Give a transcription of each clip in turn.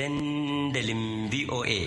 dandalin VOA.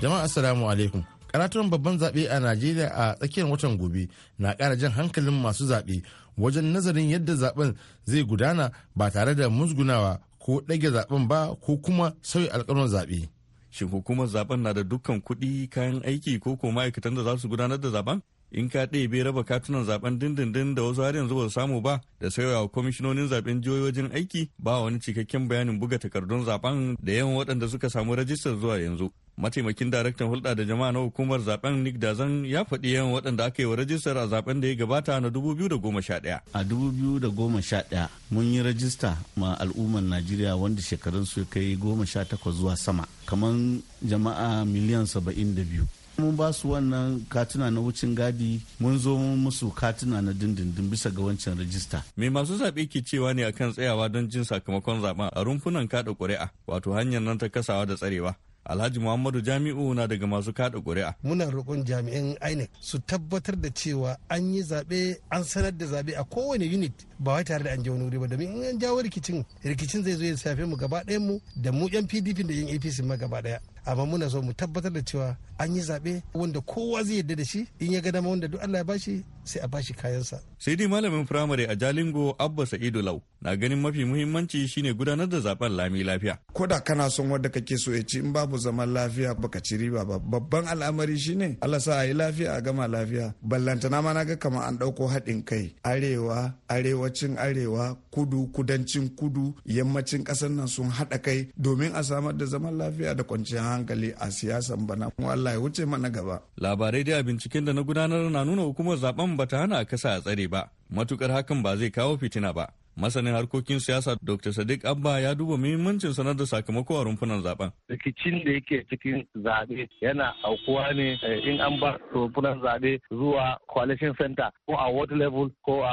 Jama'a Assalamu alaikum. Karatun babban zaɓe a Najeriya a tsakiyar watan gobe na ƙara jan hankalin masu zaɓe wajen nazarin yadda zaɓen zai gudana ba tare da musgunawa ko ɗage zaɓen ba ko kuma sauya alƙalon zaɓe. Shin hukumar zaɓen na da dukkan kuɗi kayan aiki ko ko ma'aikatan da za su gudanar da zaɓen? in ka ɗebe raba katunan zaben dindindin da wasu har yanzu ba samu ba da wa kwamishinonin zaben jihohi wajen aiki ba wani cikakken bayanin buga takardun zaben da yawan waɗanda suka samu rajistar zuwa yanzu mataimakin daraktan hulɗa da jama'a na hukumar zaben nick dazan ya faɗi yawan waɗanda aka yi wa rajistar a zaben da ya gabata na 2011 a 2011 mun yi rajista ma al'ummar najeriya wanda shekarun su ya kai 18 zuwa sama kamar jama'a miliyan da 72 mun ba su wannan katuna na wucin gadi mun zo musu katuna na dindindin bisa ga wancan rajista mai masu zaɓe ke cewa ne akan tsayawa don jin sakamakon zaɓa a rumfunan kaɗa ƙuri'a wato hanyar nan ta kasawa da tsarewa Alhaji Muhammadu Jami'u na daga masu kaɗa ƙuri'a. Muna roƙon jami'an INEC su tabbatar da cewa an yi zaɓe an sanar da zaɓe a kowane unit ba wai tare da an je wani wuri ba domin in an jawo rikicin rikicin zai zo ya shafe mu gaba ɗayan mu da mu yan PDP da yan APC ma gaba ɗaya. amma muna so mu tabbatar da cewa an yi zaɓe wanda kowa zai yarda da shi in ya ga dama wanda duk Allah ya bashi sai a bashi kayansa. Sai dai malamin firamare a Jalingo Abba Sa'idu Lau na ganin mafi muhimmanci shine gudanar da zaben lami lafiya. Ko da kana son wanda kake so ya ci in babu zaman lafiya baka ci riba ba babban al'amari shine Allah sa a yi lafiya a gama lafiya. Ballantana ma ga kamar an ɗauko haɗin kai arewa arewacin arewa kudu kudancin kudu yammacin ƙasar nan sun haɗa kai domin a samar da zaman lafiya da kwanciyar hankali a siyasan bana. Allah ya wuce mana gaba. Labarai dai a binciken da na gudanar na nuna hukumar zaben ba ta hana kasa a tsare ba matukar hakan ba zai kawo fitina ba masanin harkokin siyasa dr sadiq abba ya duba muhimmancin sanar da sakamako a rumfunan zaben rikicin da yake cikin zaɓe yana aukuwa ne eh, in an ba rumfunan zaɓe zuwa coalition center ko a world level ko a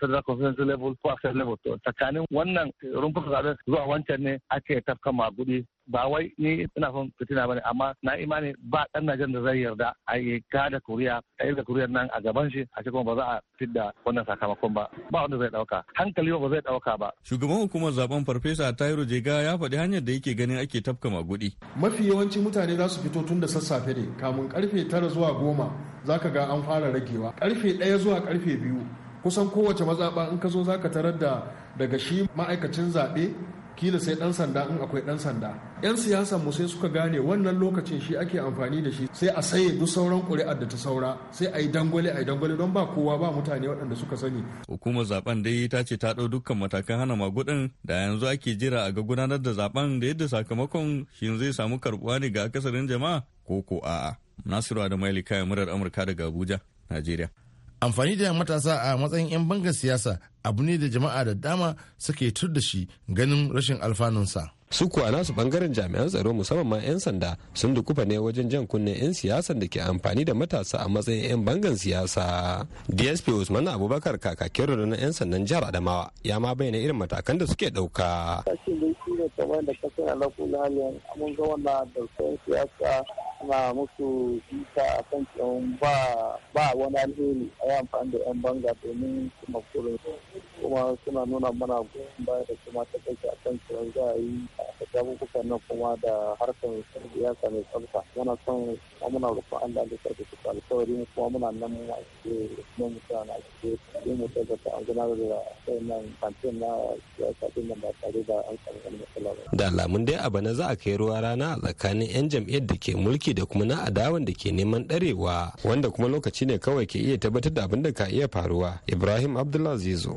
federal conference level ko a state level tsakanin wannan rumfunan zaɓe zuwa wancan ne ake tafka magudi ba wai ni ina son fitina bane amma na imani ba dan najan da zai yarda a yi kada kuriya a yi da nan a gaban shi a cikin ba za a fidda wannan sakamakon ba ba wanda zai dauka hankali ba zai dauka ba shugaban hukumar zaben farfesa Tairo Jega ya faɗi hanyar da yake ganin ake tafka magudi mafi yawanci mutane za su fito tun da sassafe ne kamun karfe tara zuwa goma zaka ga an fara ragewa karfe ɗaya zuwa karfe biyu kusan kowace mazaɓa in ka zo zaka tarar da daga shi ma'aikacin zaɓe kila sai dan sanda in akwai dan sanda yan siyasa mu sai suka gane wannan lokacin shi ake amfani da shi sai a saye duk sauran ƙuri'ar da ta saura sai a yi dangwale a yi dangwale don ba kowa ba mutane waɗanda suka sani hukumar zaben dai ta ce ta ɗau dukkan matakan hana magudin da yanzu ake jira a ga gudanar da zaben da yadda sakamakon shi zai samu karbuwa ne ga akasarin jama'a ko ko a'a nasiru da ya lika murar amurka daga abuja najeriya amfani da matasa a matsayin 'yan bangar siyasa abu ne da jama'a da dama suke tur da shi ganin rashin alfanunsa su kuwa nasu bangaren jami'an tsaro musamman ma 'yan sanda sun dukufa ne wajen jan kunne 'yan siyasan da ke amfani da matasa a matsayin 'yan bangan siyasa dsp usman abubakar kakakin rundunar 'yan sandan jihar adamawa ya ma bayyana irin matakan da suke ɗauka. na da siyasa musu bisa a kan ba ba wani alheri a yi amfani da 'yan banga domin kuma kuma suna nuna mana ba baya da kuma ta kai a kan cewa za a yi a jagogukan nan kuma da harkar ya mai tsafta muna son muna rufa lalata da sarki su alkawari kuma muna nan a cikin mun mutane a cikin yin mu tabbata an gudanar da wannan kantin na siyasa din nan ba tare da an samu wani matsala ba. Da alamun dai a bana za a kai ruwa rana a tsakanin 'yan jam'iyyar da ke mulki da kuma na adawan da ke neman ɗarewa wanda kuma lokaci ne kawai ke iya tabbatar da abin da ka iya faruwa. Ibrahim abdullahi Zizo.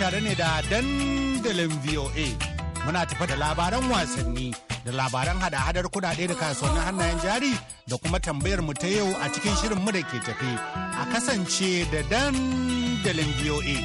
tare ne da dandalin VOA. Muna tafa da labaran wasanni da labaran hada-hadar kudade da kasuwannin hannayen jari da kuma tambayar mu ta yau a cikin shirin mu da ke tafe. A kasance da dandalin VOA.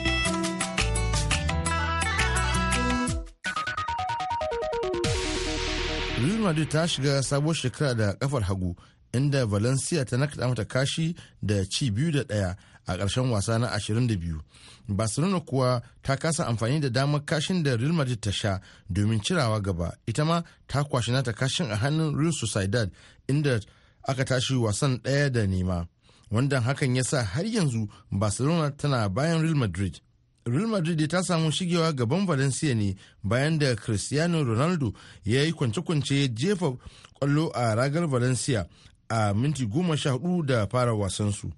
Real Madrid ta shiga sabuwar shekara da kafar hagu inda Valencia ta nakaɗa mata kashi da ci biyu da ɗaya a ƙarshen wasa na 22 barcelona kuwa ta kasa amfani da damar kashin da real madrid ta sha domin cirawa gaba ita ma ta kwashi nata kashin a hannun real sociedad inda aka tashi wasan ɗaya da nema wanda hakan ya sa har yanzu barcelona tana bayan real madrid real madrid ta samu shigewa gaban valencia ne bayan da cristiano ronaldo ya yi kwance-kwance ya jefa kwallo a ragar valencia a minti goma sha hudu da fara wasansu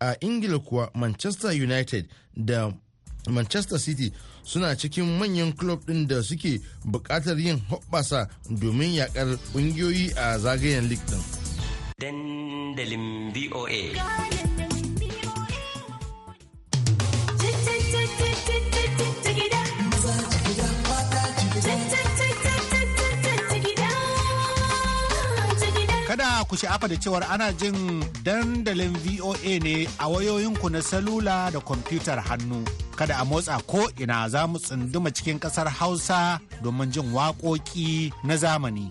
a ingila kuwa manchester united da manchester city suna cikin manyan club ɗin da suke buƙatar yin hoɓɓasa domin yakar ƙungiyoyi a zagayen league ɗin. dandalin BOA. Kada ku sha'afa da cewar ana jin dandalin VOA ne a wayoyinku na salula da kwamfutar hannu. Kada a motsa ko ina za mu tsunduma cikin kasar Hausa domin jin waƙoƙi na zamani.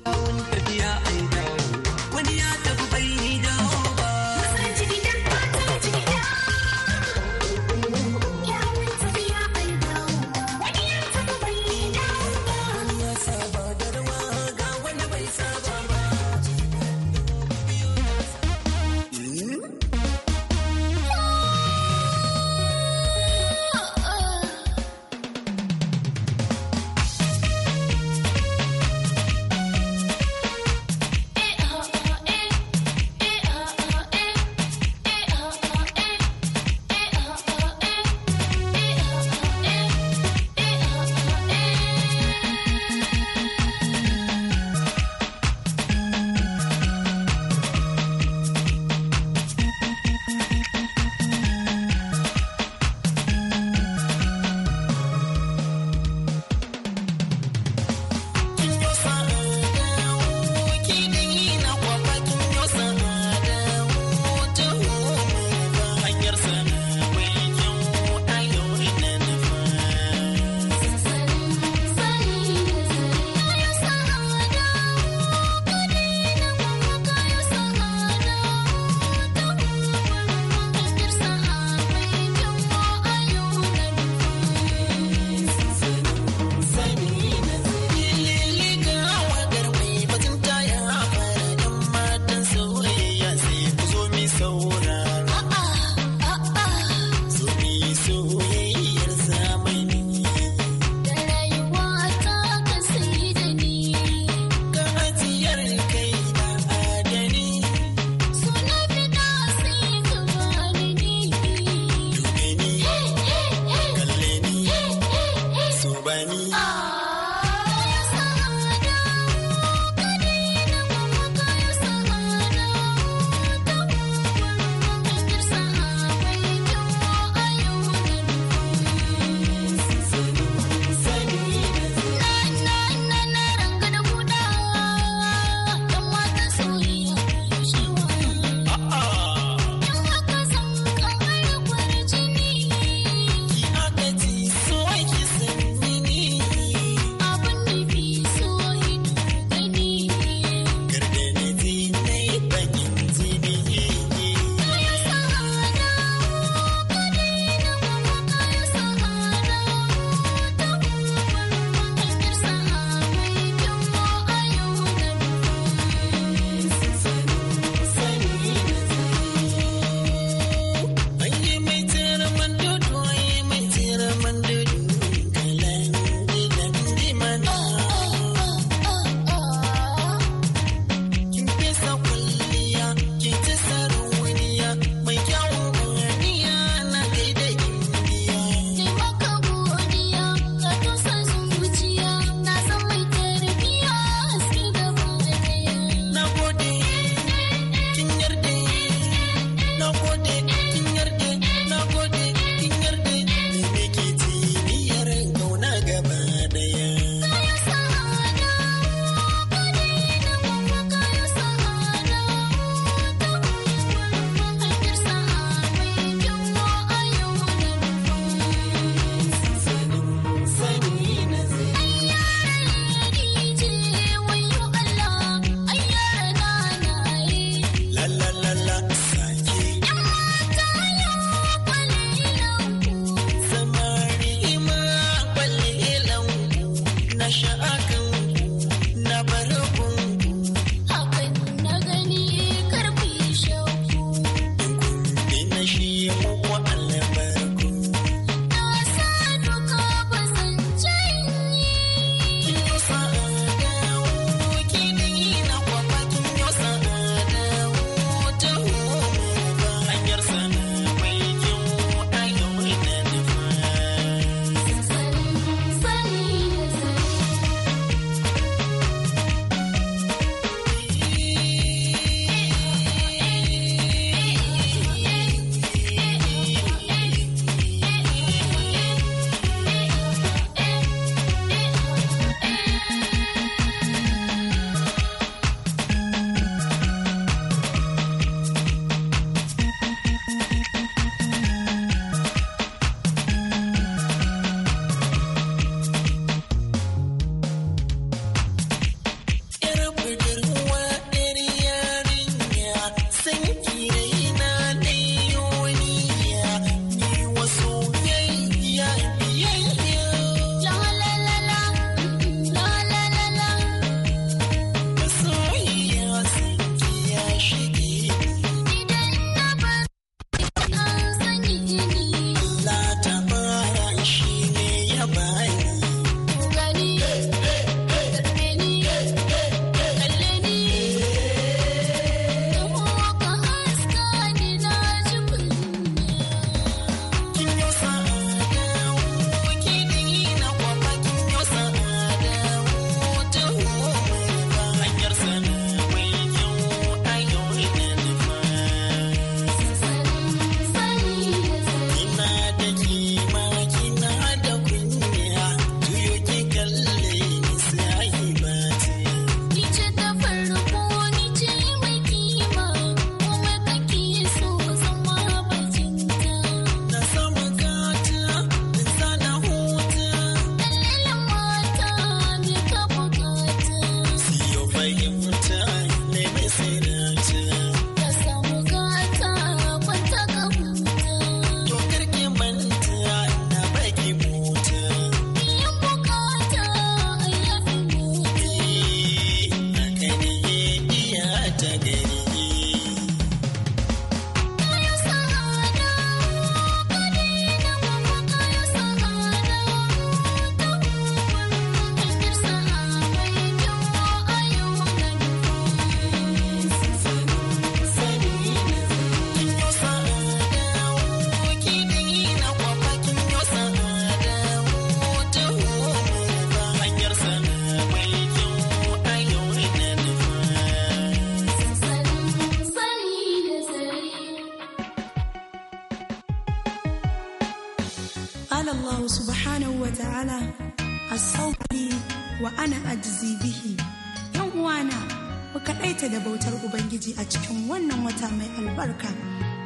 albarka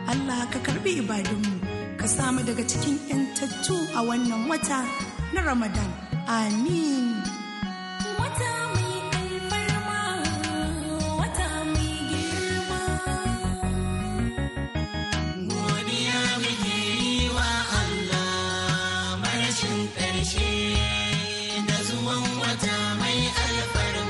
Allah ka karbi ibadunmu ka samu daga cikin 'yantattu a wannan wata na Ramadan amin ƙarshe da zuwan wata mai alfarma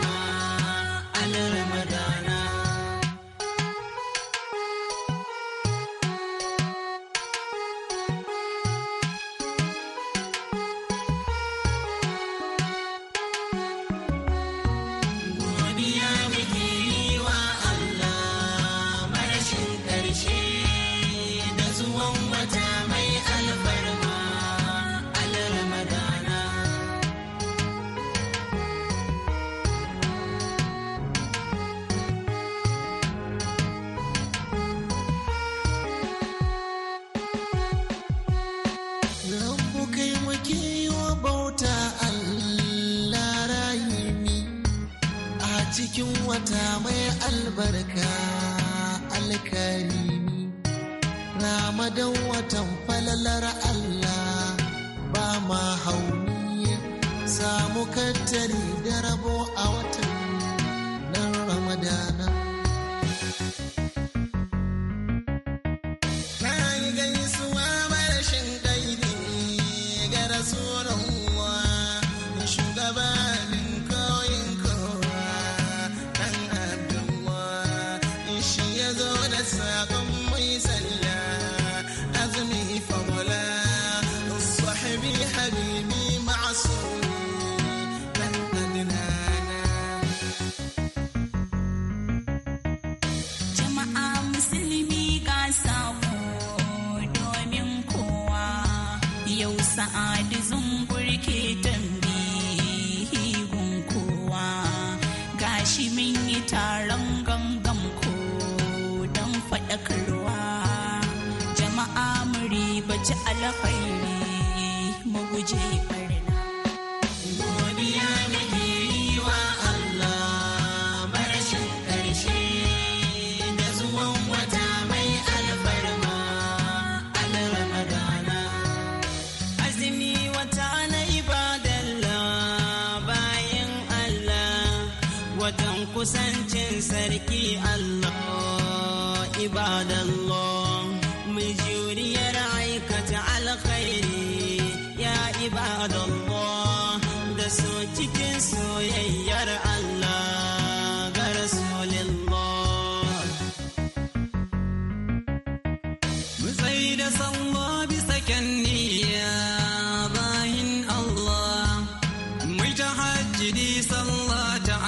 don watan falalar Allah ba ma hauni samu kattari da rabo a watan nan Ramadana.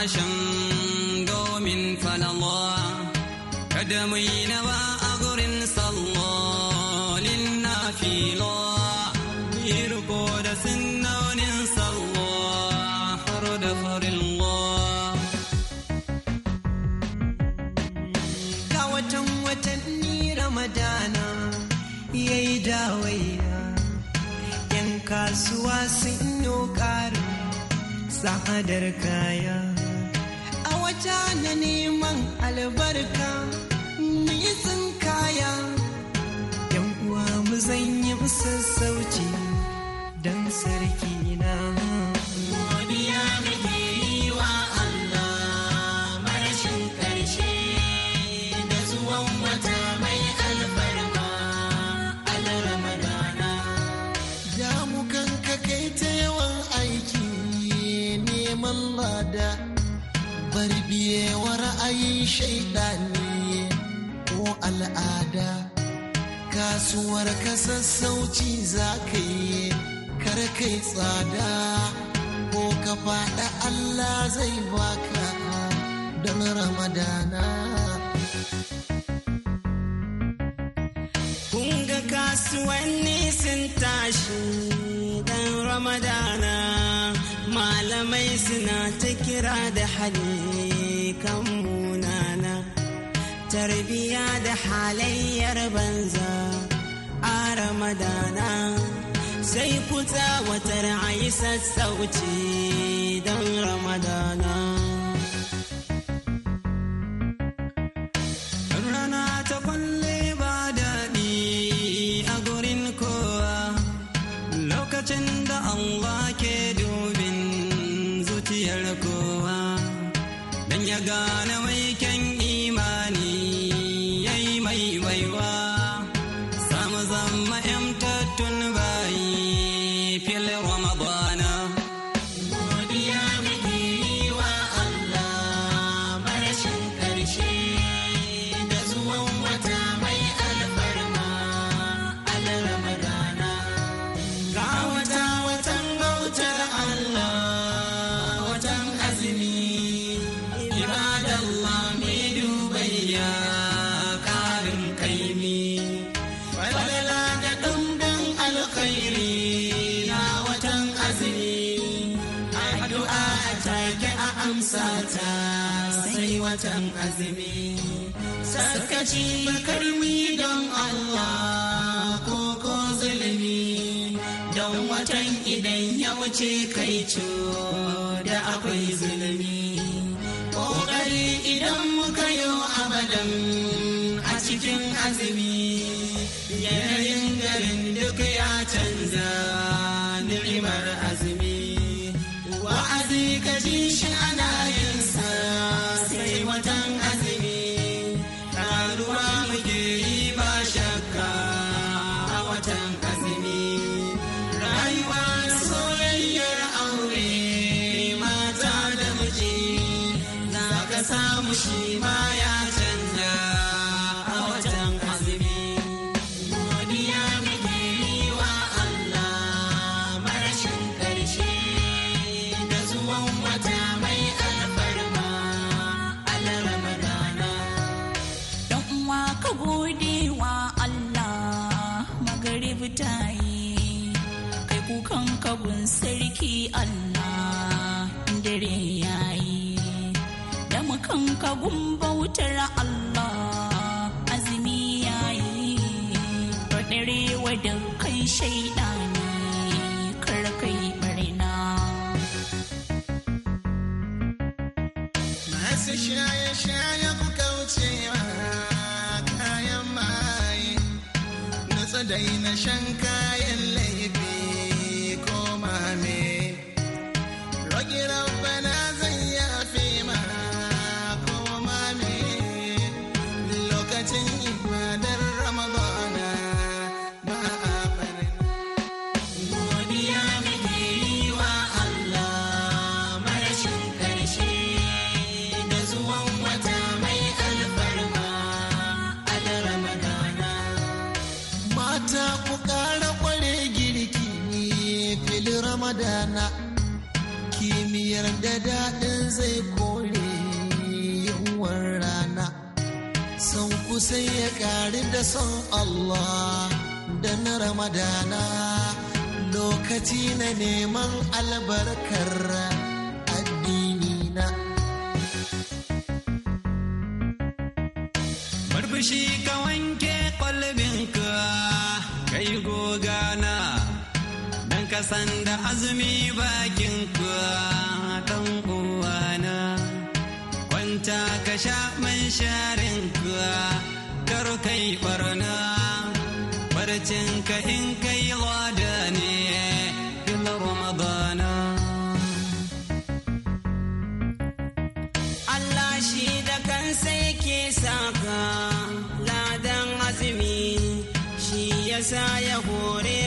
hashen domin falawa kada mu yi nawa a gurin sallolin na filo irko da sinnonin sallo har da farin ga watan watanni ramadana ya yi dawaiya yan kasuwa sun yi ƙarin sa'adar kaya ja na neman albarka muyi tsinkaya kaya yan uwa mu zanyi sassauci don sarki biye wa ra'ayin shaidani ko al'ada kasuwar ka sassauci za ka yi karkai tsada ko ka faɗa Allah zai baka don ramadana Kunga ga kasuwanni sun tashi azumin ramadana malamai suna ta kira da hali kan munana tarbiya da halayyar banza a ramadana sai kuta watar ayi sassauci don ramadana sakaci karmi don Allah ko ko zulumi don watan idan ya wuce kai da akwai zulumi ƙoƙari idan muka yo abadan a cikin azumi son Allah da na Ramadana lokaci na neman albarkar addini na. Barbushi ka wanke kwalbinka kai gogana don kasan da azumi bakin bakinka dan uwana kwanta ka sha man sharinka. kar kai barna barcin in kai lada ne bil ramadana Allah shi da kansa yake saka ladan azumi shi yasa ya hore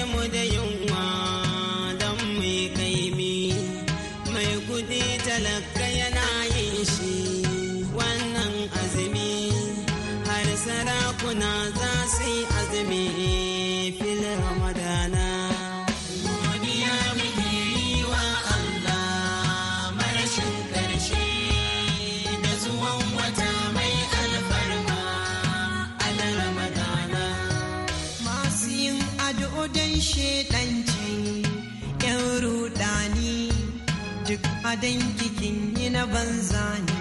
na banza ne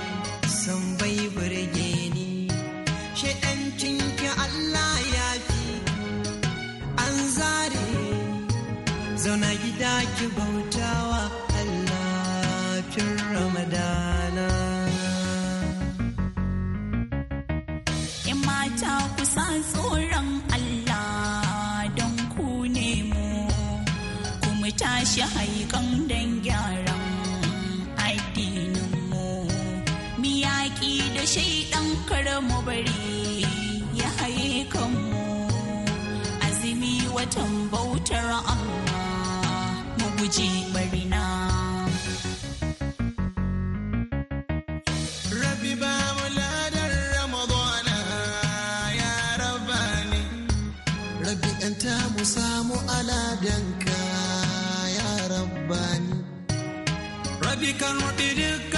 san bai burge ni shaidancin ki Allah ya fi an zare zauna gida ki bautawa Allah fin ramadana in mata kusa tsoron Allah don ku nemo kuma tashi haikan kada mu bari ya haye kanmu azumi watan bautar Allah mu guji barina Rabi ba mu ladar Ramadana ya rabani Rabbi anta mu samu aladanka ya Rabani. Rabbi kan dukkan